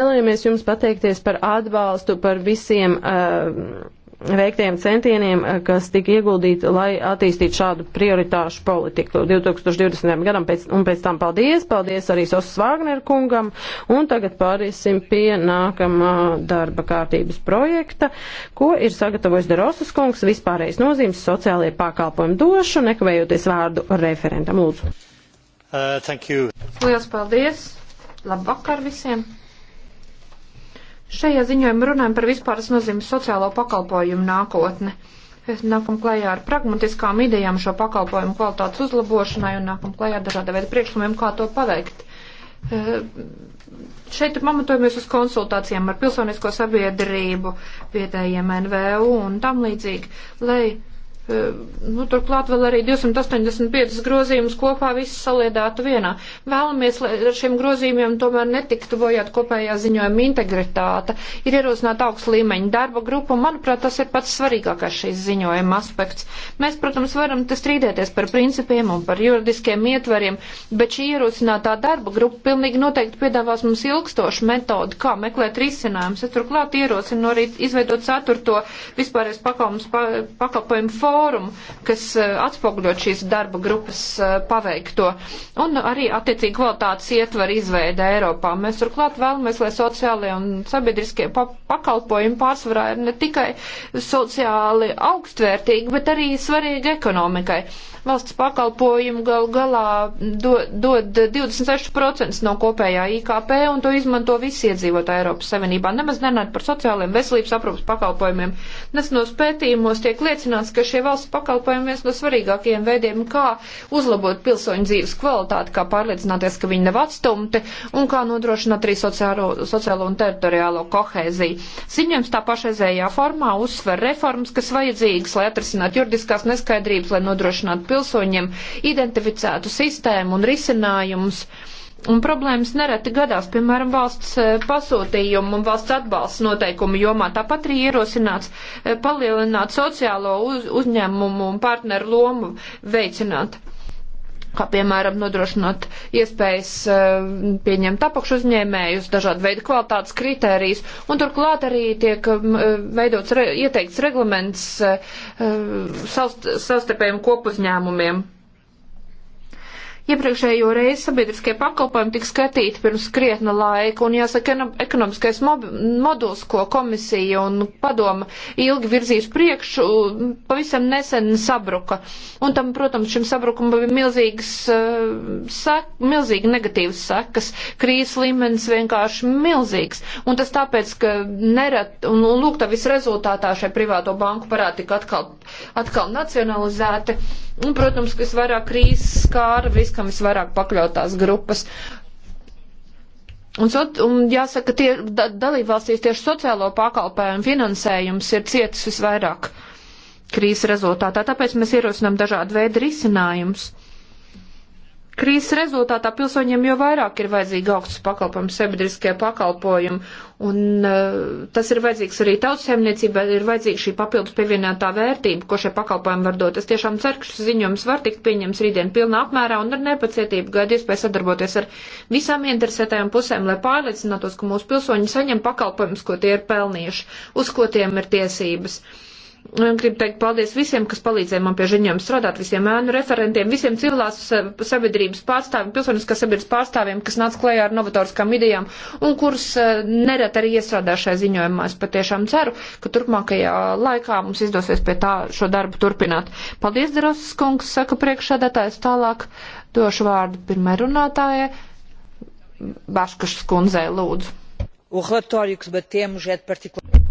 Vēlamies jums pateikties par atbalstu, par visiem uh, veiktajiem centieniem, eh, kas tika ieguldīti, lai attīstītu šādu prioritāšu politiku 2020. gadam, pēc, un pēc tam paldies, paldies arī Sosas Vāgner kungam, un tagad pāriesim pie nākamā darba kārtības projekta, ko ir sagatavojis Derosas kungs, vispārējais nozīmes sociālajie pakalpojumi došu, nekavējoties vārdu referentam. Lūdzu. Uh, thank you. Lielas paldies. Labvakar visiem. Šajā ziņojumā runājam par vispāras nozīmi sociālo pakalpojumu nākotni. Es nākam klējā ar pragmatiskām idejām šo pakalpojumu kvalitātes uzlabošanai un nākam klējā ar dažāda veida priekšlikumiem, kā to paveikt. E, šeit pamatojamies uz konsultācijām ar pilsonisko sabiedrību, vietējiem NVU un tam līdzīgi, lai Eh, nu, turklāt vēl arī 285 grozījumus kopā viss saliedātu vienā. Vēlamies, lai ar šiem grozījumiem tomēr netiktu bojāt kopējā ziņojuma integritāte. Ir ierosināta augsta līmeņa darba grupa, un manuprāt, tas ir pats svarīgākais šīs ziņojuma aspekts. Mēs, protams, varam te strīdēties par principiem un par juridiskiem ietvariem, bet šī ierosinātā darba grupa pilnīgi noteikti piedāvās mums ilgstošu metodu, kā meklēt risinājumus. Es turklāt ierosinu arī izveidot ceturto vispārējais pakalpojumu pa, formu fórumu, kas eh, atspoguļot šīs darba grupas eh, paveikto, un arī attiecīgi kvalitātes ietver izveida Eiropā. Mēs turklāt vēlamies, lai sociālie un sabiedriskie pa pakalpojumi pārsvarā ir ne tikai sociāli augstvērtīgi, bet arī svarīgi ekonomikai valsts pakalpojumu gal galā dod, dod 26% no kopējā IKP un to izmanto visi iedzīvotāji Eiropas Savienībā. Nemaz nerunājot par sociāliem veselības aprūpas pakalpojumiem. Nes no spētījumos tiek liecināts, ka šie valsts pakalpojumi viens no svarīgākajiem veidiem, kā uzlabot pilsoņu dzīves kvalitāti, kā pārliecināties, ka viņi nav atstumti un kā nodrošināt arī sociālo, sociālo un teritoriālo kohēziju. Ziņojums tā pašreizējā formā uzsver reformas, kas vajadzīgas, lai atrisinātu juridiskās neskaidrības, lai nodrošinātu pilsoņiem identificētu sistēmu un risinājumus. Uh, Un problēmas nereti gadās, piemēram, valsts e, pasūtījumu un valsts atbalsts noteikumu jomā. Tāpat arī ierosināts e, palielināt sociālo uz, uzņēmumu un partneru lomu veicināt kā piemēram nodrošinot iespējas e, pieņemt apakšu uzņēmējus, dažādu veidu kvalitātes kritērijas, un turklāt arī tiek veidots re, ieteikts reglaments savstarpējiem kopuzņēmumiem. Iepriekšējo reizi sabiedriskie pakalpojumi tika skatīti pirms krietna laika, un jāsaka, ekonomiskais moduls, ko komisija un padoma ilgi virzīs priekšu, pavisam nesen sabruka. Un tam, protams, šim sabrukumam bija milzīgas, eh, sek, milzīgi negatīvas sekas, krīzes līmenis vienkārši milzīgs. Un tas tāpēc, ka nerat, un, un lūk, tā visu rezultātā šai privāto banku parādi tika atkal, atkal nacionalizēti Un, protams, kas vairāk krīzes skāra, viskam visvairāk pakļautās grupas. Un, so, un jāsaka, tie da, dalībvalstīs tieši sociālo pakalpojumu finansējums ir cietis visvairāk krīzes rezultātā. Tāpēc mēs ierosinām dažādu veidu risinājumus. Krīzes rezultātā pilsoņiem jau vairāk ir vajadzīgi augstus pakalpojumus, sabiedriskie pakalpojumi, un uh, tas ir vajadzīgs arī tautsēmniecībai, ir vajadzīga šī papildus pievienotā vērtība, ko šie pakalpojumi var dot. Es tiešām ceru, ka šis ziņojums var tikt pieņems rītdien pilnā apmērā un ar nepacietību gaidu iespēju sadarboties ar visām interesētajām pusēm, lai pārliecinātos, ka mūsu pilsoņi saņem pakalpojumus, ko tie ir pelnījuši, uz ko tiem ir tiesības. Uh, Gribu teikt paldies visiem, kas palīdzēja man pie ziņojuma strādāt, visiem ēnu referentiem, visiem civilās eh, sabiedrības pārstāvjiem, pilsoniskās sabiedrības pārstāvjiem, kas nāca klējā ar novatoriskām idejām un kurus eh, nerad arī iestrādā šajā ziņojumā. Es patiešām ceru, ka turpmākajā laikā mums izdosies pie tā šo darbu turpināt. Paldies, Derosas kungs, saka priekšsādātājs tālāk. Došu vārdu pirmai runātājai. Baškašas kundzei lūdzu.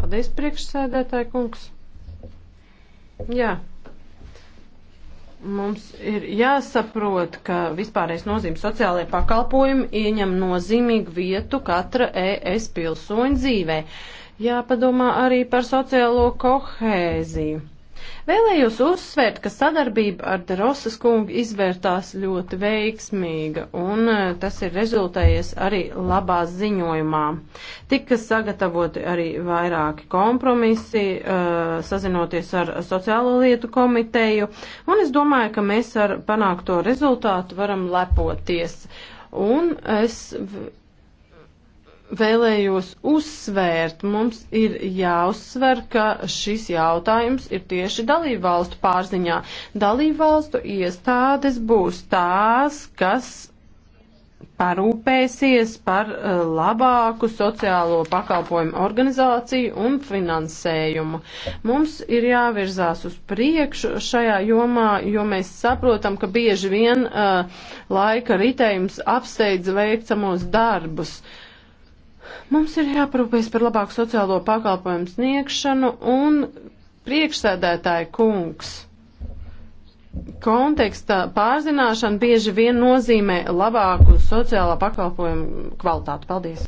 Paldies, priekšsēdētāji kungs. Jā. Mums ir jāsaprot, ka vispārējais nozīme sociālajie pakalpojumi ieņem nozīmīgu vietu katra ES pilsoņa dzīvē. Jāpadomā arī par sociālo kohēziju. Vēlējos uzsvērt, ka sadarbība ar Derosas kungu izvērtās ļoti veiksmīga, un eh, tas ir rezultējies arī labā ziņojumā. Tika sagatavoti arī vairāki kompromisi, eh, sazinoties ar Sociālo lietu komiteju, un es domāju, ka mēs ar panākto rezultātu varam lepoties. Un es vēlējos uzsvērt, mums ir jāuzsver, ka šis jautājums ir tieši dalībvalstu pārziņā. Dalībvalstu iestādes būs tās, kas parūpēsies par eh, labāku sociālo pakalpojumu organizāciju un finansējumu. Mums ir jāvirzās uz priekšu šajā jomā, jo mēs saprotam, ka bieži vien uh, laika ritējums apsteidz veicamos darbus. Uh, Mums ir jāparūpēs par labāku sociālo pakalpojumu sniegšanu un priekšsēdētāja kungs. Konteksta pārzināšana bieži vien nozīmē labāku sociālā pakalpojumu kvalitāti. Paldies!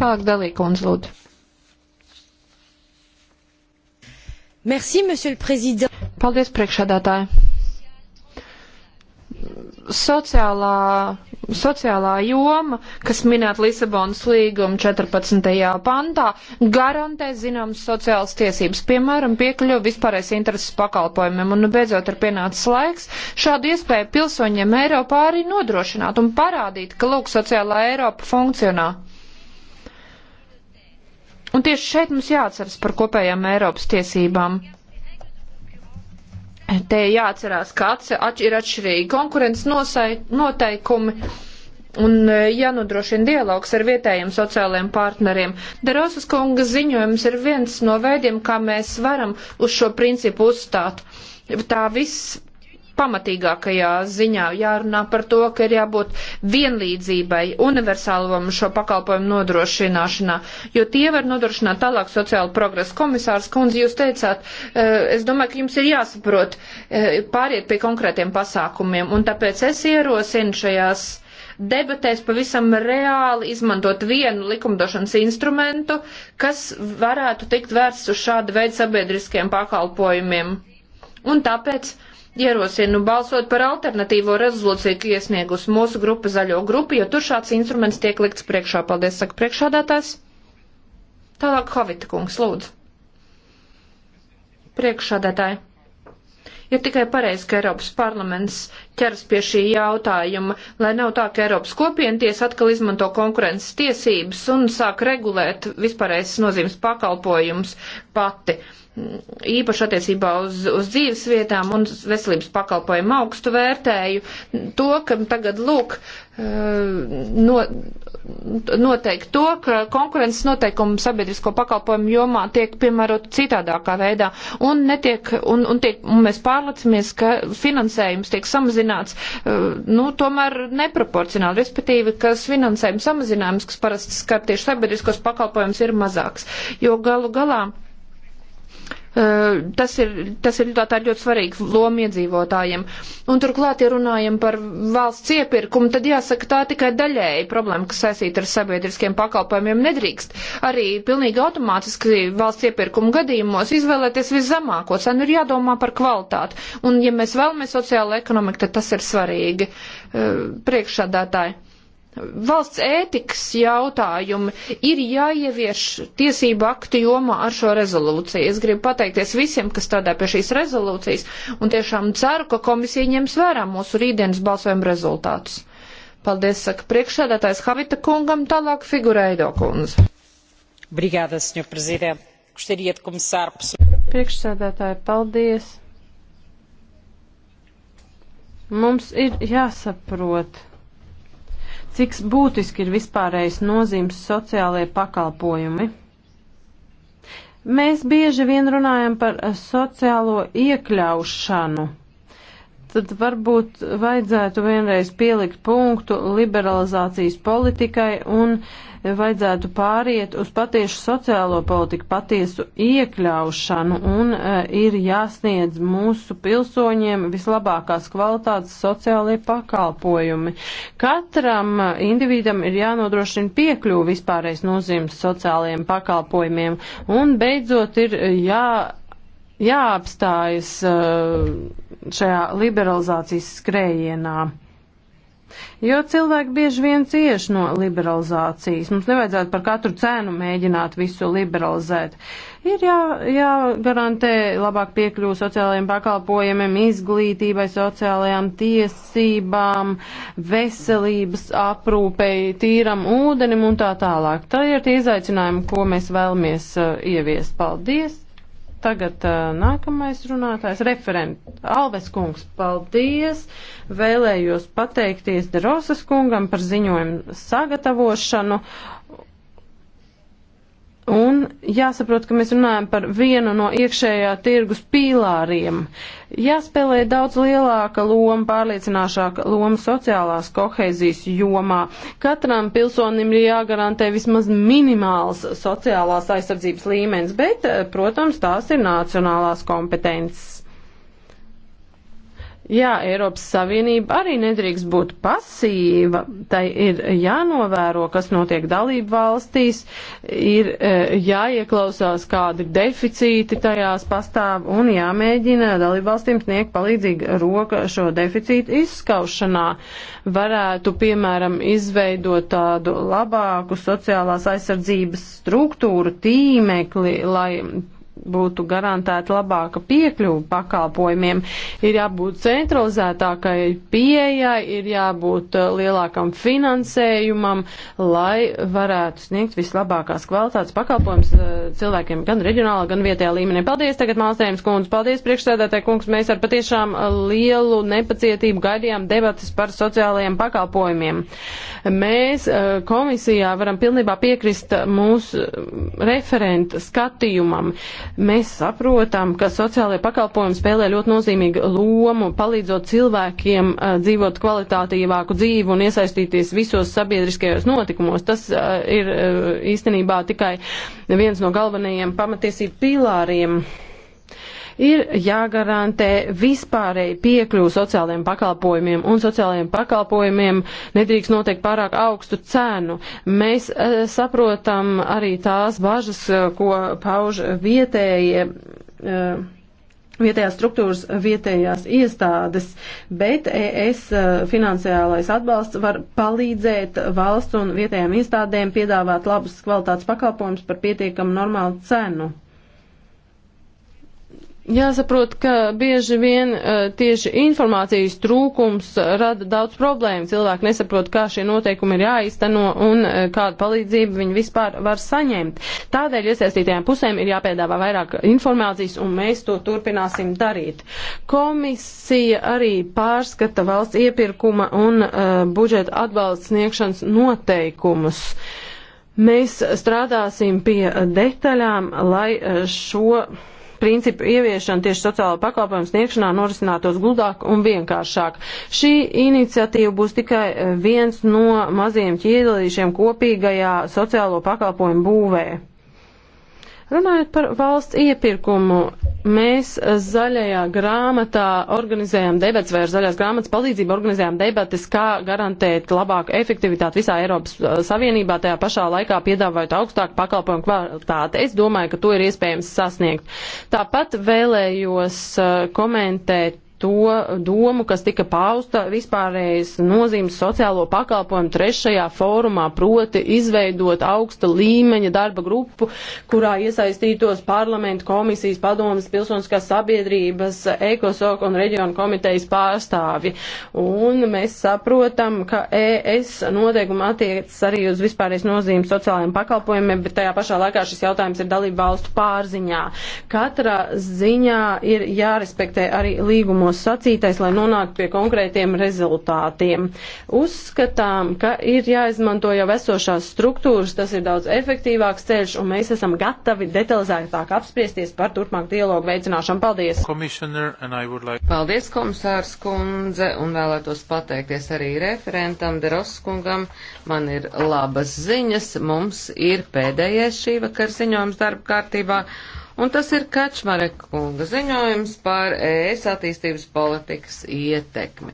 Tālāk dalīja kundze lūdzu. Merci, monsieur le président. Paldies, priekšsēdētāji. Sociālā sociālā joma, kas minēta Lisabonas līguma 14. pantā, garantē zināmas sociālas tiesības, piemēram, piekļuvi vispārējais intereses pakalpojumiem, un nu beidzot ir pienācis laiks šādu iespēju pilsoņiem Eiropā arī nodrošināt un parādīt, ka lūk, sociālā Eiropa funkcionē. Un tieši šeit mums jāatceras par kopējām Eiropas tiesībām. Te jāatcerās, ka ir atšķirīgi konkurences noteikumi. Un e, jānodrošina dialogs ar vietējiem sociālajiem partneriem. Derosas kunga ziņojums ir viens no veidiem, kā mēs varam uz šo principu uzstāt. Tā viss pamatīgākajā ziņā jārunā par to, ka ir jābūt vienlīdzībai, universālam šo pakalpojumu nodrošināšanā, jo tie var nodrošināt tālāk sociālu progresu. Komisārs Kundze, jūs teicāt, eh, es domāju, ka jums ir jāsaprot eh, pāriet pie konkrētiem pasākumiem, un tāpēc es ierosinu šajās debatēs pavisam reāli izmantot vienu likumdošanas instrumentu, kas varētu tikt vērsts uz šādu veidu sabiedriskiem pakalpojumiem. Un tāpēc uh, ierosinu balsot par alternatīvo rezolūciju, ko iesniegus mūsu grupa zaļo grupu, jo tur šāds instruments tiek likts priekšā. Paldies, saka priekšādātājs. Tālāk Havita kungs, lūdzu. Priekšādātāji. Ir tikai pareizi, ka Eiropas parlaments ķers pie šī jautājuma, lai nav tā, ka Eiropas kopienties atkal izmanto konkurences tiesības un sāk regulēt vispārējais nozīmes pakalpojums pati. Uh, īpaši attiecībā uz, uz dzīves vietām un veselības pakalpojumu augstu vērtēju to, ka tagad lūk, eh, no, noteikti to, ka konkurences noteikumi sabiedrisko pakalpojumu jomā tiek piemērot citādākā veidā un, netiek, un, un, tiek, un mēs pārlicamies, ka finansējums tiek samazināts, eh, nu, tomēr neproporcionāli, respektīvi, ka finansējums samazinājums, kas parasti skar tieši sabiedriskos pakalpojumus, ir mazāks. Jo galu galā Eh, tas ir, tas ir tā, tā ļoti svarīga loma iedzīvotājiem. Un turklāt, ja runājam par valsts iepirkumu, tad jāsaka, tā tikai daļēji problēma, kas saistīta ar sabiedriskiem pakalpojumiem. Nedrīkst arī pilnīgi automātiski valsts iepirkumu gadījumos izvēlēties viszemāko cenu, ir jādomā par kvalitāti. Un ja mēs vēlamies sociālo ekonomiku, tad tas ir svarīgi. Eh, Priekšādātāji valsts ētikas jautājumi ir jāievieš tiesību aktu jomā ar šo rezolūciju. Es gribu pateikties visiem, kas strādā pie šīs rezolūcijas, un tiešām ceru, ka komisija ņems vērā mūsu rītdienas balsojuma rezultātus. Paldies, saka priekšsēdētājs Havita kungam, tālāk figurēdo kundze. Brigāda, senjor prezident, kurš ir iet komisārps. Priekšsēdētāji, paldies. Mums ir jāsaprot Cik būtiski ir vispārējais nozīmes sociālajie pakalpojumi? Mēs bieži vien runājam par eh, sociālo iekļaušanu tad varbūt vajadzētu vienreiz pielikt punktu liberalizācijas politikai un vajadzētu pāriet uz patiešu sociālo politiku, patiesu iekļaušanu un uh, ir jāsniedz mūsu pilsoņiem vislabākās kvalitātes sociālie pakalpojumi. Katram e, individam ir jānodrošina piekļuvi vispārreiz nozīmes sociālajiem pakalpojumiem un beidzot ir e, jā jāapstājas eh, šajā liberalizācijas skrējienā. Jo cilvēki bieži vien cieši no liberalizācijas. Mums nevajadzētu par katru cenu mēģināt visu liberalizēt. Ir jā, jāgarantē labāk piekļuvu sociālajiem pakalpojumiem, izglītībai, sociālajām tiesībām, veselības aprūpei, tīram ūdenim un tā tālāk. Tā ir tie izaicinājumi, ko mēs vēlamies uh, ieviest. Paldies! Tagad uh, nākamais runātājs - referent Alves kungs. Paldies! Vēlējos pateikties Derosas kungam par ziņojumu sagatavošanu Un jāsaprot, ka mēs runājam par vienu no iekšējā tirgus pīlāriem. Jāspēlē daudz lielāka loma, pārliecināšāka loma sociālās kohēzijas jomā. Katram pilsonim ir jāgarantē vismaz minimāls sociālās aizsardzības līmenis, bet, eh, protams, tās ir nacionālās kompetences. Jā, Eiropas Savienība arī nedrīkst būt pasīva. Tai ir jānovēro, kas notiek dalību valstīs, ir e, jāieklausās, kādi deficīti tajās pastāv un jāmēģina dalību valstīm sniegt palīdzīgu roku šo deficītu izskaušanā. Varētu, piemēram, izveidot tādu labāku sociālās aizsardzības struktūru, tīmekli, lai būtu garantēta labāka piekļuva pakalpojumiem, ir jābūt centralizētākai pieejai, ir jābūt uh, lielākam finansējumam, lai varētu sniegt vislabākās kvalitātes pakalpojums uh, cilvēkiem gan reģionālā, gan vietējā līmenī. Paldies tagad Mālstējums kundze, paldies priekšsēdētāji kungs, mēs ar patiešām uh, lielu nepacietību gaidījām debatas par sociālajiem pakalpojumiem. Mēs komisijā varam pilnībā piekrist mūsu referenta skatījumam. Uh, Mēs saprotam, ka sociālajie pakalpojumi spēlē ļoti nozīmīgu lomu, palīdzot cilvēkiem uh, dzīvot kvalitātīvāku dzīvi un iesaistīties visos sabiedriskajos notikumos. Tas uh, ir uh, īstenībā tikai viens no galvenajiem pamatiesību pīlāriem. Ir jāgarantē vispārēji piekļuvu sociālajiem pakalpojumiem, un sociālajiem pakalpojumiem nedrīkst noteikt pārāk augstu cenu. Mēs e, saprotam arī tās bažas, eh, ko pauž vietējie. E, vietējās struktūras, vietējās iestādes, bet ES finansiālais atbalsts var palīdzēt valsts un vietējām iestādēm piedāvāt labus kvalitātes pakalpojumus par pietiekamu normālu cenu. Jāsaprot, ka bieži vien eh, tieši informācijas trūkums eh, rada daudz problēmu. Cilvēki nesaprot, kā šie noteikumi ir jāizteno un eh, kādu palīdzību viņi vispār var saņemt. Tādēļ iesaistītajām pusēm ir jāpiedāvā vairāk informācijas un mēs to turpināsim darīt. Komisija arī pārskata valsts iepirkuma un uh, budžeta atbalsts sniegšanas noteikumus. Mēs strādāsim pie detaļām, lai šo principu ieviešana tieši sociāla pakalpojuma sniegšanā norisinātos gludāk un vienkāršāk. Šī iniciatīva būs tikai eh, viens no maziem ķiedelīšiem kopīgajā sociālo pakalpojumu būvē. Runājot par valsts iepirkumu, Mēs eh, zaļajā grāmatā organizējam debats vai ar zaļās grāmatas palīdzību organizējam debates, kā garantēt labāku efektivitāti visā Eiropas eh, Savienībā, tajā pašā laikā piedāvājot augstāku pakalpojumu kvalitāti. Es domāju, ka to ir iespējams sasniegt. Tāpat vēlējos eh, komentēt to domu, kas tika pausta vispārējais nozīmes sociālo pakalpojumu trešajā fórumā, proti izveidot augsta līmeņa darba grupu, kurā iesaistītos parlamentu komisijas padomas pilsoniskās sabiedrības, ekosok un reģionu komitejas pārstāvi. Un mēs saprotam, ka ES noteikuma attiecas arī uz vispārējais nozīmes sociālajiem pakalpojumiem, bet tajā pašā laikā šis jautājums ir dalība valstu pārziņā. Katrā ziņā ir jārespektē arī līgumos jāizteno sacītais, lai nonāktu pie konkrētiem rezultātiem. Uzskatām, ka ir jāizmanto jau esošās struktūras, tas ir daudz efektīvāks ceļš, un mēs esam gatavi detalizētāk apspriesties par turpmāk dialogu veicināšanu. Paldies! Like... Paldies, komisārs kundze, un vēlētos pateikties arī referentam Deroskungam. Man ir labas ziņas, mums ir pēdējais šī vakara ziņojums darba kārtībā. Un tas ir Kačmarek kunga ziņojums par ES attīstības politikas ietekmi.